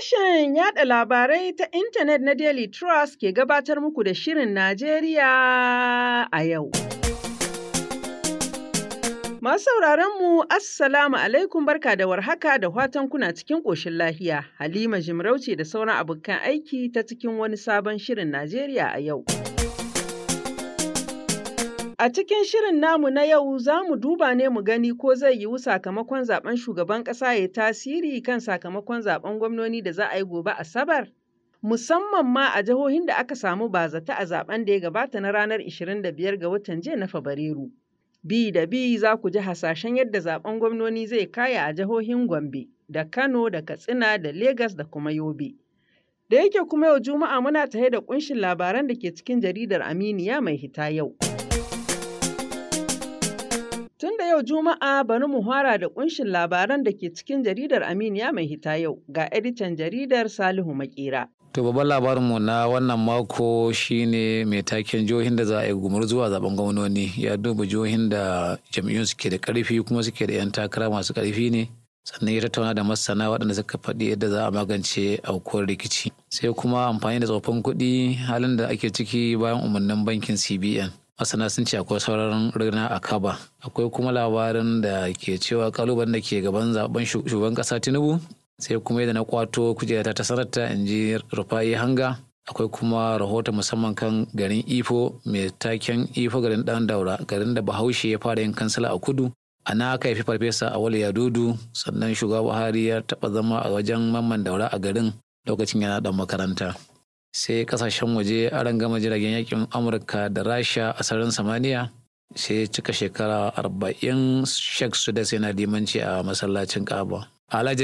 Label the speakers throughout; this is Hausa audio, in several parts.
Speaker 1: Sashen yaɗa labarai ta intanet na Daily Trust ke gabatar muku da Shirin Najeriya a yau. Masu sauraron Assalamu alaikum barka da warhaka da watan kuna cikin ƙoshin lahiya. Halima Jimarauce da sauran abokan aiki ta cikin wani sabon Shirin Najeriya a yau. A cikin shirin namu na yau za mu duba ne mu gani ko zai yiwu sakamakon zaɓen shugaban ƙasa ya tasiri kan sakamakon zaɓen gwamnoni da za a yi gobe Asabar. Musamman ma a jihohin da aka samu bazata a zaɓen da ya gabata na ranar 25 ga watan jiya na Fabrairu. Bi da bi za ku ji hasashen yadda zaɓen gwamnoni zai kaya a jihohin Gombe da Kano da Katsina da Legas da kuma Yobe. Da yake kuma yau Juma'a muna tare da ƙunshin labaran da ke cikin jaridar Aminiya mai hita yau. da yau Juma'a bari mu fara da kunshin labaran da ke cikin jaridar Aminiya mai hita yau ga editan jaridar Salihu Makera.
Speaker 2: To babban labarinmu na wannan mako shine mai taken jihohin da za a yi zuwa zaben gwamnoni ya duba jihohin da jam'iyyun suke da karfi kuma suke da 'yan takara masu karfi ne sannan ya tattauna da masana waɗanda suka faɗi yadda za a magance aukuwar rikici sai kuma amfani da tsofaffin kuɗi halin da ake ciki bayan umarnin bankin cbn masana sun ce akwai sauran rina a kaba akwai kuma labarin da ke cewa kaluban da ke gaban zaben shugaban kasa tinubu sai kuma yadda na kwato kujera ta sanarta in ji rufayi hanga akwai kuma rahoto musamman kan garin ifo mai taken ifo garin dan daura garin da bahaushe ya fara yin kansila a kudu a na aka farfesa a wali dudu? sannan shugaba buhari ya taɓa zama a wajen mamman daura a garin lokacin yana dan makaranta sai kasashen waje aran gama jiragen yakin amurka da rasha a sararin samaniya sai cika shekara arba'in shek su sudas yana limanci a masallacin kaba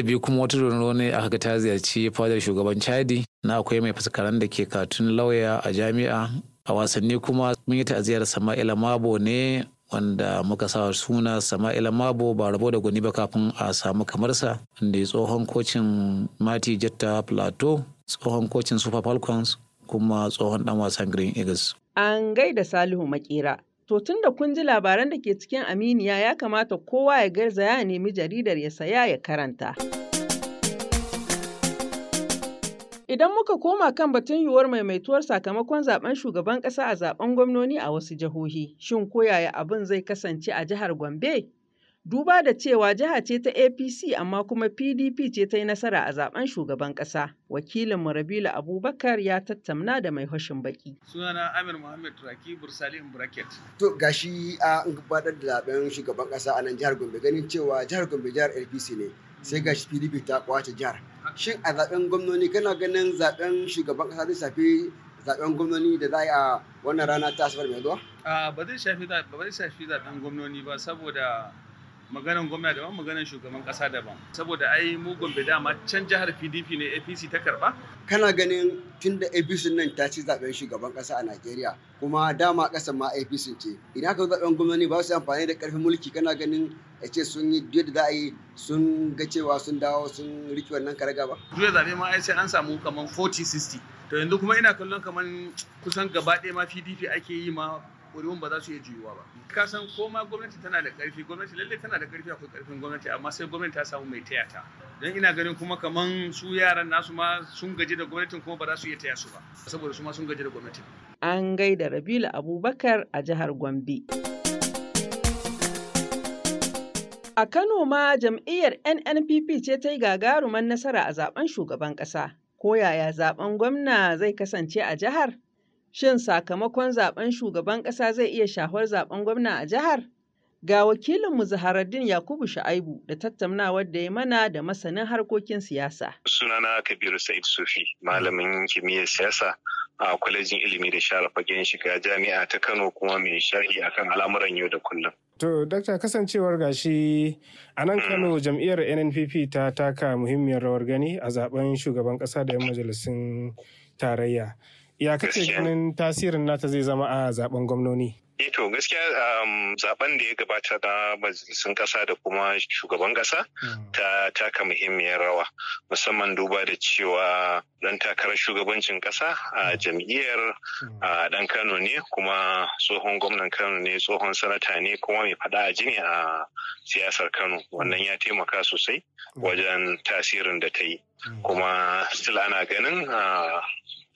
Speaker 2: biyu kuma wata rundunar ne aka ga ta ziyarci fadar shugaban chadi na akwai mai faskaran da ke katun lauya a jami'a a wasanni kuma mun yi ta'aziyar sama'ila mabo ne wanda muka sa suna sama'ila mabo ba rabo da gwani ba kafin a samu kamarsa inda ya tsohon kocin mati jetta plateau tsohon kocin super falcons kuma tsohon dan wasan green eagles
Speaker 1: an gaida salihu makera to tun da kun ji labaran da ke cikin aminiya ya kamata kowa ya garzaya ya nemi jaridar ya saya ya karanta. Idan muka koma kan batun yiwuwar maimaituwar sakamakon zaɓen shugaban ƙasa a zaɓen gwamnoni a wasu jihohi, shin ko yaya abun zai kasance a jihar Gombe? Duba da cewa jiha ce ta APC amma kuma PDP ce ta yi nasara a zaben shugaban ƙasa. Wakilin Rabilu Abubakar ya tattauna da mai hashin baki.
Speaker 2: Sunana Amir Muhammad Raki Bursalin Bracket.
Speaker 3: To gashi a gabatar da zaben shugaban ƙasa a nan jihar Gombe ganin cewa jihar Gombe jihar APC ne sai gashi PDP ta kwace jihar. shin a zaben gwamnoni kana ganin zaben shugaban kasa zai shafi zaben gwamnoni da za a wannan rana ta asabar mai zuwa?
Speaker 2: ba zai shafi zaben gwamnoni ba saboda maganan gwamna daban maganan shugaban kasa daban saboda ai mu gombe dama can jihar pdp ne apc ta karba
Speaker 3: kana ganin tun da apc nan ta ci zaben shugaban kasa a najeriya kuma dama kasan ma apc ce idan aka zaben gwamnati ba su amfani da karfin mulki kana ganin a ce sun yi da za a yi sun ga cewa sun dawo sun riki wannan
Speaker 2: karaga ba juya zabe ma ai sai an samu kaman 40 60 to yanzu kuma ina kallon kaman kusan gaba ɗaya ma pdp ake yi ma ƙuri'un ba za su iya juyuwa ba ka san ko ma gwamnati tana da ƙarfi gwamnati lalle tana da ƙarfi akwai ƙarfin gwamnati amma sai gwamnati ta samu mai taya ta don ina ganin kuma kaman su yaran nasu ma sun gaji da gwamnatin kuma ba za su iya taya su ba saboda su ma sun gaji da gwamnatin
Speaker 1: an gaida Rabilu Abubakar a jihar Gombe. A Kano ma jam'iyyar NNPP ce ta yi gagaruman nasara a zaben shugaban ƙasa. Ko yaya zaben gwamna zai kasance a jihar? Shin sakamakon zaɓen shugaban ƙasa zai iya shafar zaɓen gwamna a jihar? Ga wakilinmu Zaharaddin Yakubu Sha'aibu da tattaunawar da ya mana da masanin harkokin siyasa.
Speaker 4: Sunana Kabiru Sa'id Sufi, malamin kimiyyar siyasa a kwalejin ilimi da share fagen shiga jami'a ta Kano kuma mai sharhi akan al'amuran yau da kullum.
Speaker 3: To, Dakta kasancewar gashi a nan Kano mm. jam'iyyar NNPP ta taka muhimmiyar rawar gani a zaben shugaban ƙasa da 'yan majalisun tarayya. Ya kace ganin tasirin nata zai zama a zaben gwamnoni?
Speaker 4: Eh to gaskiya um, zaben da ya gabata na majalisun kasa da kuma shugaban kasa hmm. ta taka muhimmiyar rawa musamman duba da cewa dan takarar shugabancin kasa a hmm. jam'iyyar dan hmm. kano ne kuma tsohon gwamnan kano ne tsohon sanata ne kuma mai fada a jini a siyasar kano wannan ya taimaka sosai wajen tasirin da ta yi kuma still ana ganin uh,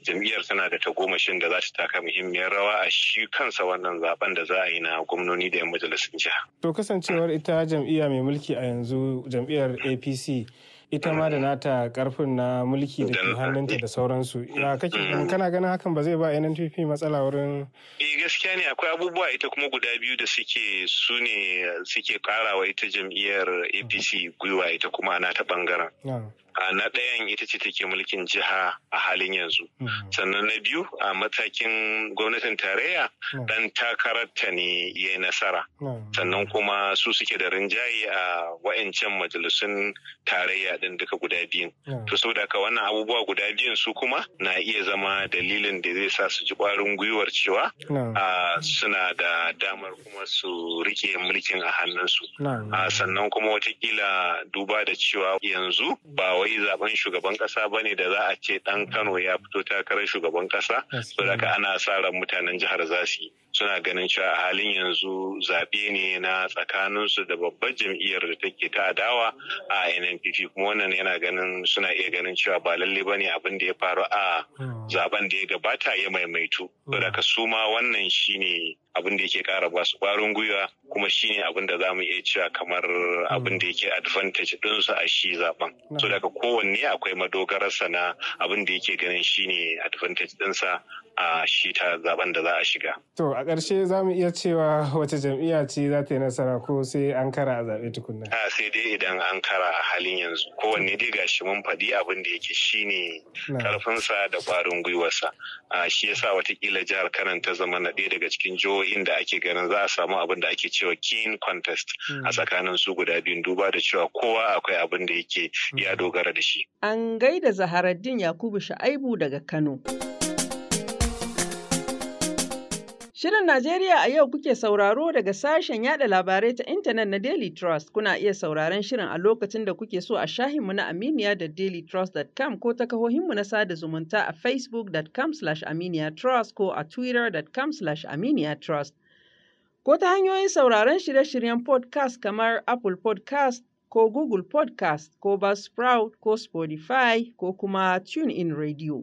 Speaker 4: jam'iyyar tana da tagomashin da za ta taka muhimmiyar rawa a shi kansa wannan zaben da za a yi na gwamnoni da 'yan majalisun jiha.
Speaker 3: To kasancewar ita jam'iyya mai mulki a yanzu jam'iyyar APC ita ma da nata karfin na mulki da ke hannunta da eh. sauransu ya kake mm. kana ganin hakan ba zai ba NNPP matsala wurin
Speaker 4: eh gaskiya ne akwai abubuwa ita kuma guda biyu da suke su ne suke karawa ita jam'iyyar APC gwiwa ita kuma a nata bangaren na ɗayan ita ce take mulkin jiha a halin yanzu mm-hmm. sannan na biyu a matakin gwamnatin tarayya dan mm-hmm. takararta ne ya yi nasara mm-hmm. sannan kuma su suke da rinjaye a wa'ancan majalisun tarayya din duka guda biyun to saboda haka wannan abubuwa guda biyun su kuma na iya zama dalilin da zai sa su ji kwarin gwiwar cewa suna da damar kuma su rike mulkin a hannunsu sannan kuma watakila duba da cewa yanzu ba wai zaben shugaban kasa bane da za a ce dan Kano ya fito takarar shugaban kasa saboda ana sa ran mutanen jihar za suna ganin cewa a halin yanzu zaɓe ne na tsakaninsu da babbar jam'iyyar da take ta adawa a NNPP kuma wannan yana ganin suna iya ganin cewa ba lalle ba abin da ya faru a hmm. zaben da ya gabata ya maimaitu. Saboda ka ma wannan shine abin da yake kara ba su kwarin gwiwa kuma shine abin da zamu iya cewa kamar abin da yake advantage din su a shi zaben so daga kowanne akwai madogararsa na abin da yake ganin shine advantage dinsa a shi ta zaben da za a shiga.
Speaker 3: To a ƙarshe za iya cewa wace jam'iyya ce za ta yi nasara ko sai an kara a zaɓe tukunna.
Speaker 4: A sai dai idan an kara a halin yanzu kowanne dai gashi mun faɗi abin da yake shine ƙarfinsa da kwarin gwiwarsa. Shi yasa watakila jihar Kano ta zama na ɗaya daga cikin jihohi jihohin da ake ganin za a samu abin da ake cewa keen contest a hmm. tsakanin su guda biyun duba da cewa kowa akwai abin da yake ya hmm. dogara da shi.
Speaker 1: An gaida Zaharaddin Yakubu Sha'aibu daga Kano. Shirin Najeriya a yau kuke sauraro daga sashen yada labarai ta intanet na Daily Trust. Kuna iya sauraron shirin a lokacin da kuke so a shahinmu na Aminiya da dailytrust.com ko ta kahohinmu na sada zumunta a facebook.com aminiyatrust ko a twitter.com aminiyatrust. Ko ta hanyoyin sauraron shirye-shiryen podcast kamar Apple podcast ko Google podcast ko Buzzsprout ko Spotify ko kuma in Radio.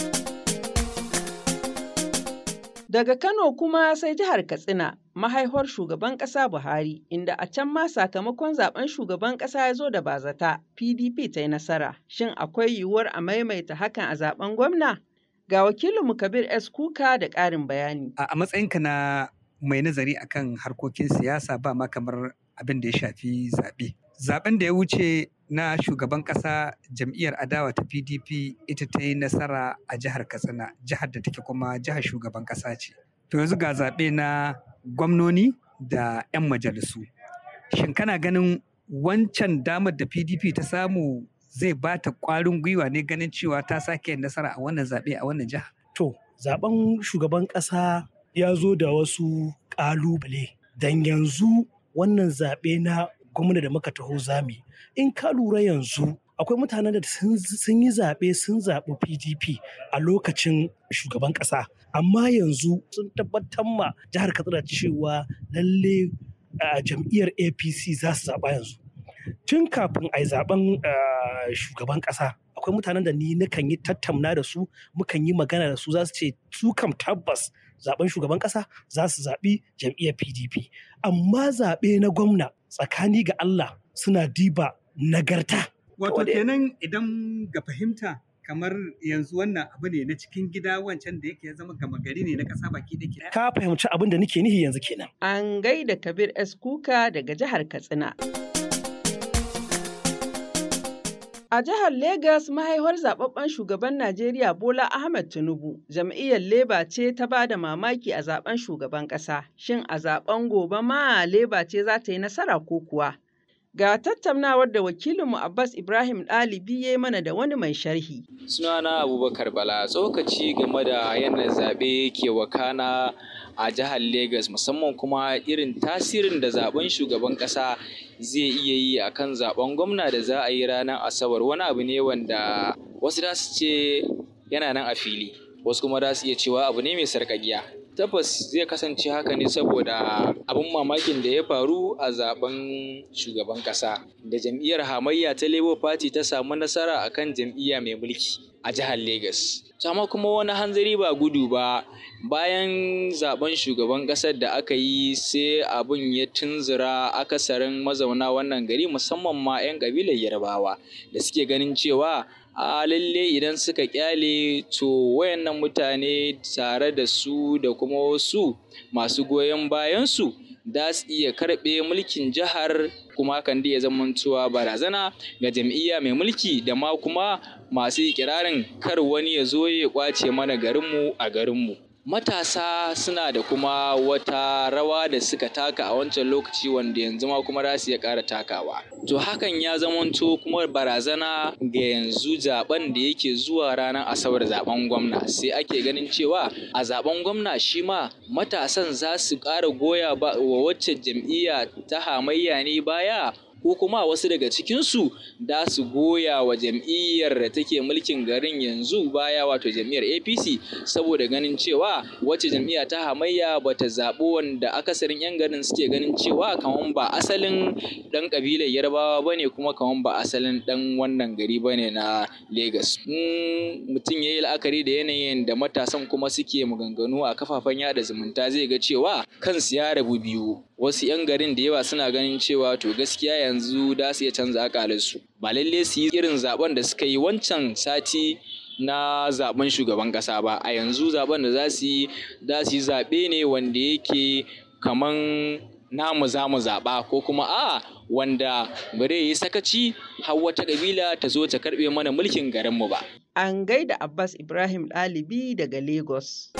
Speaker 1: Daga Kano kuma sai jihar Katsina, mahaihuwar shugaban ƙasa Buhari, inda a can ma sakamakon zaɓen shugaban ƙasa ya zo da bazata, PDP ta yi nasara. Shin akwai yiwuwar a maimaita hakan a zaɓen gwamna? Ga wakilinmu Kabir S. Kuka da ƙarin bayani. A
Speaker 3: matsayinka na mai nazari akan harkokin siyasa ba ma kamar abin da ya shafi zaɓe. Zaɓen da ya wuce na shugaban ƙasa jam'iyyar adawa ta pdp ita ta yi nasara a jihar katsina jihar da take kuma jihar shugaban ƙasa ce to yanzu ga zaɓe na gwamnoni da 'yan majalisu shin kana ganin wancan damar da pdp ta samu zai ba ta ƙwarin gwiwa ne ganin cewa ta sake nasara a wannan zaɓe a wannan jiha to zaɓen shugaban ƙasa ya zo da wasu ƙalubale dan yanzu wannan zaɓe na gwamna da muka taho zami in ka lura yanzu akwai mutanen da sun yi zaɓe sun zaɓi pdp a lokacin shugaban ƙasa amma yanzu sun tabbatar ma jihar katsina cewa lalle a jam'iyyar apc za su zaɓa yanzu tun kafin a yi zaɓen shugaban ƙasa akwai mutanen da ni nakan yi tattamna da su mukan yi magana da su za su ce su kam tabbas zaɓen shugaban ƙasa, za su zaɓi jam'iyyar pdp amma zaɓe na gwamna tsakani ga Allah suna diba nagarta. Wato kenan idan ga fahimta kamar yanzu wannan abu ne na cikin gida wancan da yake zama gama gari ne na kasa baki da ke. Ka fahimci abin da nake nihi yanzu kenan.
Speaker 1: An gaida Kabir S. Kuka daga jihar Katsina. A jihar Legas, mahaifar zaɓaɓɓen shugaban Najeriya Bola Ahmed Tinubu, jam'iyyar Leba ce ta ba da mamaki a zaɓen shugaban ƙasa. Shin a zaɓen gobe ma Leba ce za ta yi nasara ko kuwa? Ga tattaunawar da wakilinmu Abbas Ibrahim ɗalibi ya mana da wani mai sharhi.
Speaker 5: Sunana Abubakar Bala tsokaci game da yanayin zaɓe ke wakana a jihar Legas musamman kuma irin tasirin da zaben shugaban ƙasa zai iya yi a kan zaben gwamna da za a yi ranar Asabar wani abu ne wanda wasu za su ce yana nan a fili wasu kuma za su iya cewa abu ne mai sarƙaƙiya. Tabbas zai kasance haka ne saboda abin mamakin da ya faru a zaben shugaban kasa. da jam'iyyar hamayya ta Labour Party ta samu nasara akan jam'iyya mai mulki a jihar Legas. Sama kuma wani hanzari ba gudu ba bayan zaben shugaban ƙasar da aka yi sai abin ya tunzura akasarin mazauna wannan gari musamman ma 'yan ƙabilar Yarbawa da suke ganin cewa a lalle idan suka kyale to wayannan mutane tare da su da kuma wasu masu goyon bayansu da su iya karɓe mulkin jihar kuma kan da ya tuwa barazana ga jam'iyya mai mulki da ma kuma masu ikirarin kar wani ya zo ya kwace mana garinmu a garinmu matasa suna da kuma wata rawa da suka taka a wancan lokaci wanda yanzu ma kuma za su iya ƙara takawa to hakan ya zamanto kuma barazana ga yanzu zaben da yake zuwa ranar asabar zaben gwamna sai ake ganin cewa a zaben gwamna shi ma matasan za su ƙara goya wa wacce jam'iyya ta hamayya ne baya ko kuma wasu daga cikinsu da su goya wa jam'iyyar da take mulkin garin yanzu baya wato jam'iyyar apc saboda ganin cewa wacce jam'iyya ta hamayya ba ta zaɓo wanda akasarin 'yan garin suke ganin cewa kamar ba asalin ɗan ƙabilar yarbawa ba ne kuma kamar ba asalin ɗan wannan gari ba ne na lagos mm, mutum ya yi la'akari da yanayin da matasan kuma suke maganganu a kafafen yada zumunta zai ga cewa kansu ya rabu biyu wasu 'yan garin da yawa suna ganin cewa to gaskiya yanzu da su iya canza akalinsu ba lalle su yi irin zaben da suka yi wancan sati na zaben shugaban kasa ba a yanzu zaben da za su yi zaɓe ne wanda yake kaman namu za mu zaɓa ko kuma a wanda bare yi sakaci har wata ƙabila ta zo ta karɓe mana mulkin garinmu ba.
Speaker 1: An gaida Abbas Ibrahim ɗalibi daga Lagos.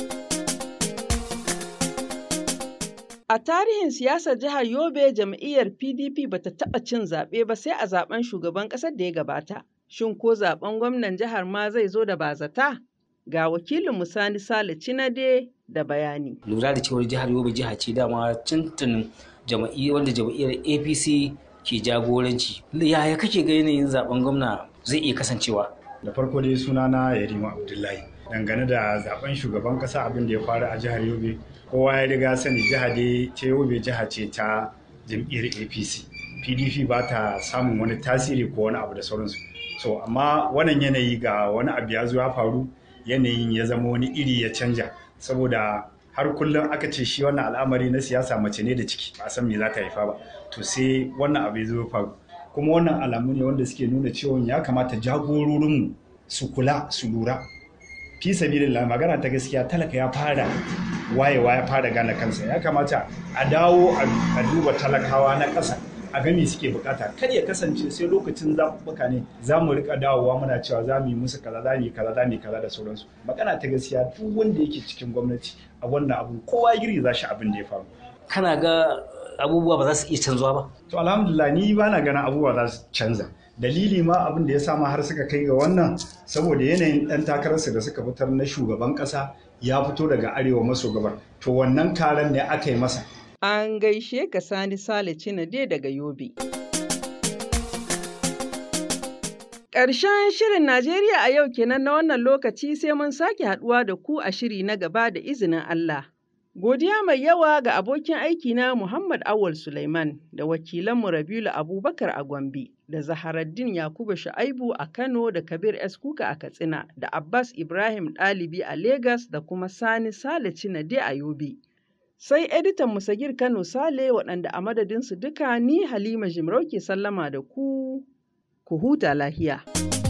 Speaker 1: A tarihin siyasar jihar Yobe jam'iyyar PDP ba ta taɓa cin zaɓe ba sai a zaɓen shugaban ƙasar da ya gabata. Shin ko zaɓen gwamnan jihar ma zai zo da bazata? Ga wakilin Musani Sale Cinade da bayani.
Speaker 5: Lura da cewar jihar Yobe jiha ce dama tuntun jam'iyyar wanda jam'iyyar APC ke jagoranci. Yaya kake ga yanayin zaɓen gwamna zai iya kasancewa? Da
Speaker 3: farko dai sunana Yarima Abdullahi. dangane da zaben shugaban kasa abin da ya faru a jihar yobe kowa ya riga sani jiha dai yobe jiha ce ta jam'iyyar apc pdp ba ta samun wani tasiri ko wani abu da sauransu so amma wannan yanayi ga wani abu ya zo ya faru yanayin ya zama wani iri ya canja saboda har kullum aka ce shi wannan al'amari na siyasa mace ne da ciki ba san me za ta haifa ba to sai wannan abu ya zo ya faru kuma wannan alamu ne wanda suke nuna cewa ya kamata jagororinmu su kula su lura fi sabilillah magana ta gaskiya talaka ya fara wayewa ya fara gane kansa ya kamata a dawo a duba talakawa na ƙasa a gami suke bukata kar ya kasance sai lokacin zaɓuɓɓuka ne za mu rika dawowa muna cewa za mu yi musu kaza za mu yi kaza za mu yi kaza da sauransu magana ta gaskiya duk wanda yake cikin gwamnati a wannan abu kowa giri za shi abin da ya faru kana ga abubuwa ba za su iya canzuwa ba to alhamdulillah ni ba na ganin abubuwa za su canza dalili ma abin da ya ma har suka kai ga wannan saboda yanayin ɗan takararsu da suka fitar na shugaban ƙasa ya fito daga arewa maso gabar to wannan karan ne aka yi masa
Speaker 1: an gaishe ka sani sale dai daga yobe Ƙarshen shirin Najeriya a yau kenan na wannan lokaci sai mun sake haɗuwa da ku a shiri na gaba da izinin Allah. Godiya mai yawa ga abokin aikina Muhammad Awwal Suleiman da wakilanmu rabilu Abubakar a Gombe da Zaharaddin Yakubu Shu'aibu a Kano da Kabir S. Kuka a Katsina da Abbas Ibrahim Dalibi a Legas da kuma Sani Sale Cinade a Yobe. Sai editan Musagir Kano Sale waɗanda a madadinsu duka ni Halima Jimrauke sallama da ku, ku huta lahiya.